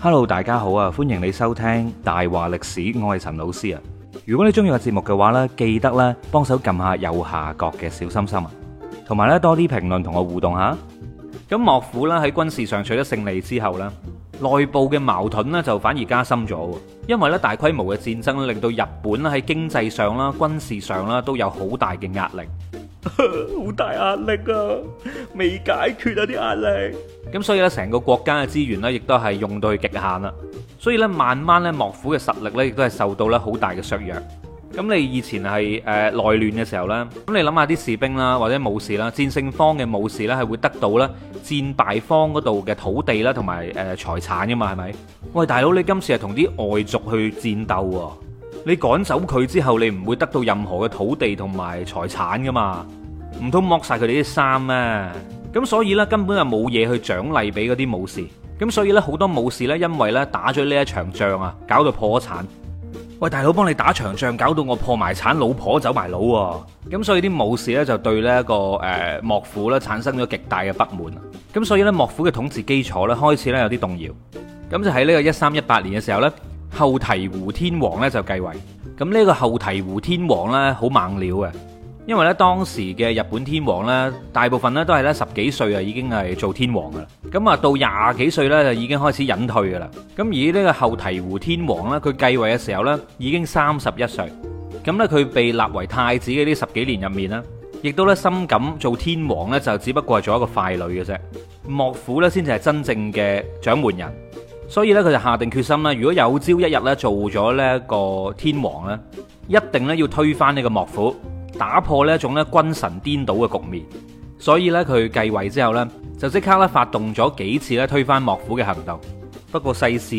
Hello，大家好啊！歡迎你收聽大話歷史，我係陳老師啊！如果你中意個節目嘅話呢，記得咧幫手撳下右下角嘅小心心啊，同埋呢多啲評論同我互動下。咁幕府呢喺軍事上取得勝利之後呢，內部嘅矛盾呢就反而加深咗，因為呢大規模嘅戰爭令到日本喺經濟上啦、軍事上啦都有好大嘅壓力。 好大壓力啊！未解決啊啲壓力。咁所以呢，成個國家嘅資源呢，亦都係用到去極限啦。所以呢，慢慢呢，幕府嘅實力呢，亦都係受到呢好大嘅削弱。咁你以前係誒內亂嘅時候呢，咁你諗下啲士兵啦，或者武士啦，戰勝方嘅武士呢，係會得到呢戰敗方嗰度嘅土地啦，同埋誒財產噶嘛，係咪？喂，大佬，你今次係同啲外族去戰鬥喎啊，你趕走佢之後，你唔會得到任何嘅土地同埋財產噶嘛？唔通剝晒佢哋啲衫咩？咁所以呢，根本就冇嘢去獎勵俾嗰啲武士，咁所以呢，好多武士呢，因為呢打咗呢一場仗啊，搞到破咗產。喂，大佬，幫你打場仗，搞到我破埋產，老婆走埋佬喎！咁所以啲武士呢，就對呢、呢個誒、呃、幕府呢產生咗極大嘅不滿。咁所以呢，幕府嘅統治基礎呢，開始呢有啲動搖。咁就喺呢個一三一八年嘅時候呢，後醍醐天皇呢，就繼位。咁呢個後醍醐天皇呢，好猛料啊！因為咧，當時嘅日本天皇咧，大部分咧都係咧十幾歲啊，已經係做天皇噶啦。咁啊，到廿幾歲咧就已經開始隱退噶啦。咁而呢個後醍醐天皇咧，佢繼位嘅時候咧已經三十一歲。咁咧，佢被立為太子嘅呢十幾年入面咧，亦都咧深感做天皇咧就只不過係做一個傀儡嘅啫。幕府咧先至係真正嘅掌門人，所以咧佢就下定決心啦，如果有朝一日咧做咗呢一個天皇咧，一定咧要推翻呢個幕府。打破呢一種咧君臣顛倒嘅局面，所以咧佢繼位之後咧，就即刻咧發動咗幾次咧推翻幕府嘅行動。不過世事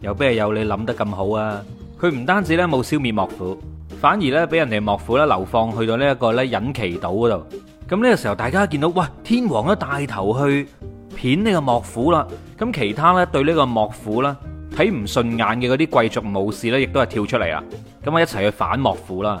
又邊係有你諗得咁好啊？佢唔單止咧冇消滅幕府，反而咧俾人哋幕府咧流放去到呢一個咧隱岐島嗰度。咁呢個時候大家見到哇天皇都帶頭去片呢個幕府啦，咁其他咧對呢個幕府啦睇唔順眼嘅嗰啲貴族武士咧，亦都係跳出嚟啦，咁啊一齊去反幕府啦。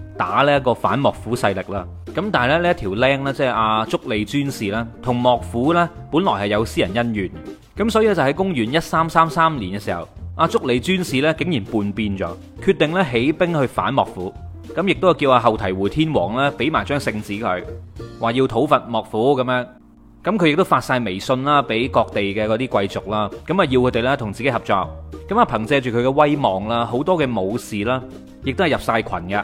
打呢個反幕府勢力啦，咁但係咧，呢條靚呢，即係阿足利尊氏啦，同幕府呢，本來係有私人恩怨，咁所以咧，就喺公元一三三三年嘅時候，阿足利尊氏呢，竟然叛變咗，決定呢，起兵去反幕府，咁亦都係叫阿後醍醐天皇呢，俾埋張聖旨佢，話要討伐幕府咁樣，咁佢亦都發晒微信啦，俾各地嘅嗰啲貴族啦，咁啊要佢哋咧，同自己合作，咁啊憑借住佢嘅威望啦，好多嘅武士啦，亦都係入晒群嘅。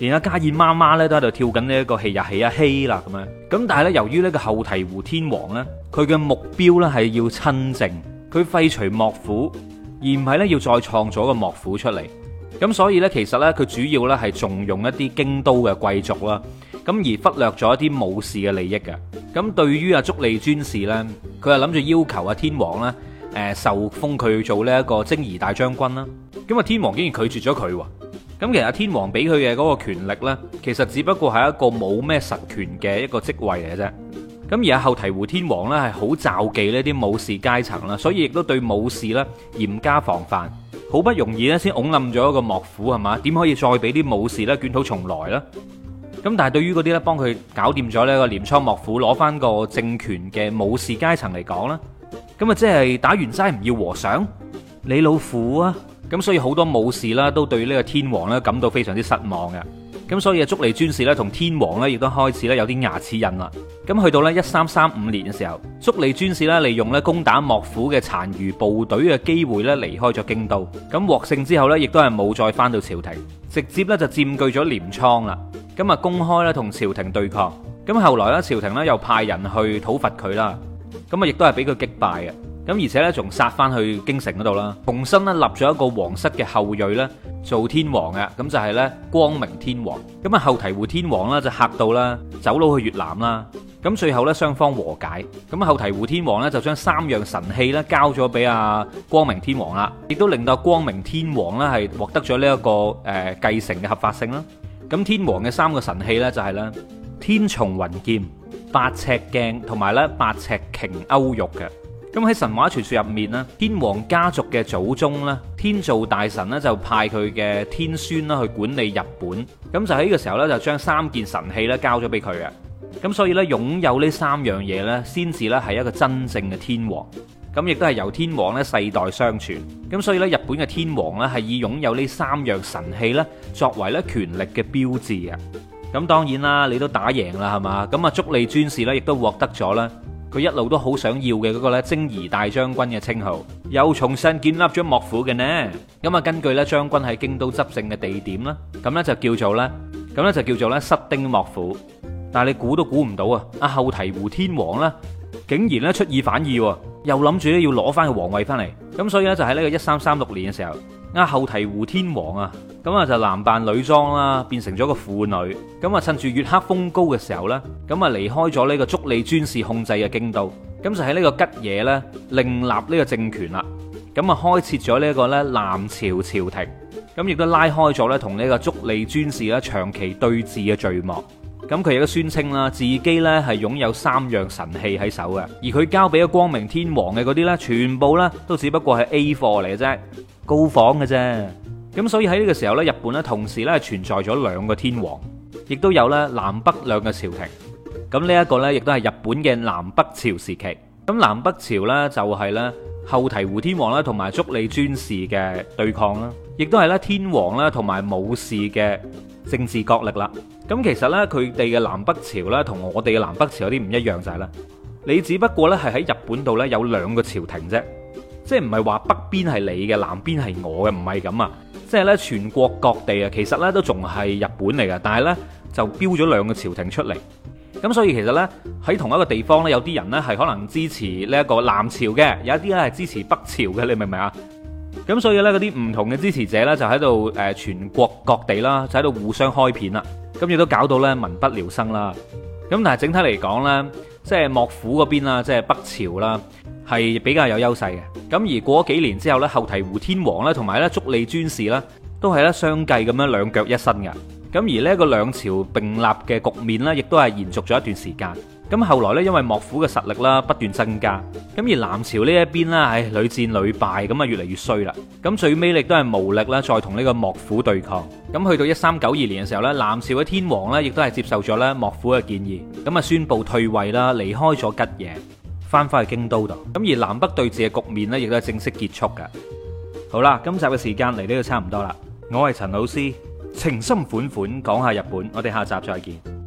然後加爾媽媽咧都喺度跳緊呢一個戲日起一希啦咁樣，咁但係咧由於呢個後醍醐天皇咧，佢嘅目標咧係要親政，佢廢除幕府而唔係咧要再創造一個幕府出嚟，咁所以咧其實咧佢主要咧係重用一啲京都嘅貴族啦，咁而忽略咗一啲武士嘅利益嘅。咁對於阿足利尊氏咧，佢係諗住要求阿天皇咧，誒受封佢做呢一個征夷大將軍啦，咁啊天皇竟然拒絕咗佢喎。咁其實天皇俾佢嘅嗰個權力咧，其實只不過係一個冇咩實權嘅一個職位嚟嘅啫。咁而啊後醍醐天皇咧，係好就忌呢啲武士階層啦，所以亦都對武士咧嚴加防範。好不容易咧先拱冧咗一個幕府係嘛？點可以再俾啲武士咧捲土重來咧？咁但係對於嗰啲咧幫佢搞掂咗呢個鐮倉幕府攞翻個政權嘅武士階層嚟講咧，咁啊即係打完齋唔要和尚，你老虎啊！咁所以好多武士啦，都對呢個天皇呢感到非常之失望嘅。咁所以足利尊氏呢，同天皇呢，亦都開始咧有啲牙齒印啦。咁去到呢一三三五年嘅時候，足利尊氏呢，利用呢攻打幕府嘅殘餘部隊嘅機會呢，離開咗京都。咁獲勝之後呢，亦都係冇再翻到朝廷，直接呢就佔據咗鐮倉啦。咁啊，公開咧同朝廷對抗。咁後來呢，朝廷呢又派人去討伐佢啦。咁啊，亦都係俾佢擊敗嘅。咁而且咧，仲殺翻去京城嗰度啦，重新咧立咗一個皇室嘅後裔咧做天王嘅。咁就係、是、咧光明天王咁啊。後醍醐天王呢，就嚇到啦，走佬去越南啦。咁最後咧雙方和解，咁後醍醐天王咧就將三樣神器咧交咗俾阿光明天王啦，亦都令到光明天王咧係獲得咗呢一個誒繼承嘅合法性啦。咁天王嘅三個神器咧就係咧天叢雲劍、八尺鏡同埋咧八尺瓊勾玉嘅。咁喺神話傳説入面呢，天皇家族嘅祖宗呢，天造大神呢，就派佢嘅天孫啦去管理日本。咁就喺呢個時候呢，就將三件神器呢，交咗俾佢嘅。咁所以呢，擁有呢三樣嘢呢，先至呢係一個真正嘅天皇。咁亦都係由天皇呢世代相傳。咁所以呢，日本嘅天皇呢，係以擁有呢三樣神器呢，作為呢權力嘅標誌啊。咁當然啦，你都打贏啦，係嘛？咁啊，足利尊氏呢，亦都獲得咗啦。佢一路都好想要嘅嗰個咧征夷大將軍嘅稱號，又重新建立咗幕府嘅呢。咁啊，根據咧將軍喺京都執政嘅地點啦，咁咧就叫做咧，咁咧就叫做咧室町幕府。但係你估都估唔到啊！啊後醍醐天皇啦，竟然咧出爾反爾喎，又諗住咧要攞翻個皇位翻嚟。咁所以咧就喺呢個一三三六年嘅時候，啊後醍醐天皇啊。咁啊就男扮女裝啦，變成咗個婦女。咁啊趁住月黑風高嘅時候呢，咁啊離開咗呢個足利尊氏控制嘅京都。咁就喺呢個吉野呢，另立呢個政權啦。咁啊開設咗呢一個南朝朝廷。咁亦都拉開咗呢同呢個足利尊氏呢長期對峙嘅序幕。咁佢亦都宣稱啦，自己呢係擁有三樣神器喺手嘅。而佢交俾咗光明天皇嘅嗰啲呢，全部呢都只不過係 A 貨嚟嘅啫，高仿嘅啫。咁所以喺呢個時候呢，日本同時呢存在咗兩個天皇，亦都有咧南北兩個朝廷。咁呢一個呢亦都係日本嘅南北朝時期。咁南北朝呢，就係咧後醍醐天皇啦，同埋足利尊氏嘅對抗啦，亦都係咧天皇啦同埋武士嘅政治角力啦。咁其實呢，佢哋嘅南北朝呢，同我哋嘅南北朝有啲唔一樣就係啦，你只不過呢係喺日本度呢有兩個朝廷啫。即係唔係話北邊係你嘅，南邊係我嘅，唔係咁啊！即係呢，全國各地啊，其實呢都仲係日本嚟㗎，但係呢就標咗兩個朝廷出嚟。咁所以其實呢，喺同一個地方呢，有啲人呢係可能支持呢一個南朝嘅，有一啲呢係支持北朝嘅，你明唔明啊？咁所以呢，嗰啲唔同嘅支持者呢，就喺度誒全國各地啦，就喺度互相開片啦，咁亦都搞到呢，民不聊生啦。咁但係整體嚟講呢，即係幕府嗰邊啦，即係北朝啦。係比較有優勢嘅，咁而過咗幾年之後呢，後醍醐天皇呢同埋咧足利尊氏呢都係咧相繼咁樣兩腳一伸嘅，咁而呢個兩朝並立嘅局面呢，亦都係延續咗一段時間。咁後來呢，因為幕府嘅實力啦不斷增加，咁而南朝呢一邊啦，係屢戰屢敗，咁啊越嚟越衰啦。咁最尾亦都係無力啦，再同呢個幕府對抗。咁去到一三九二年嘅時候呢，南朝嘅天皇呢，亦都係接受咗咧幕府嘅建議，咁啊宣布退位啦，離開咗吉野。翻返去京都度，咁而南北對峙嘅局面呢，亦都係正式結束噶。好啦，今集嘅時間嚟到就差唔多啦，我係陳老師，情深款款講下日本，我哋下集再見。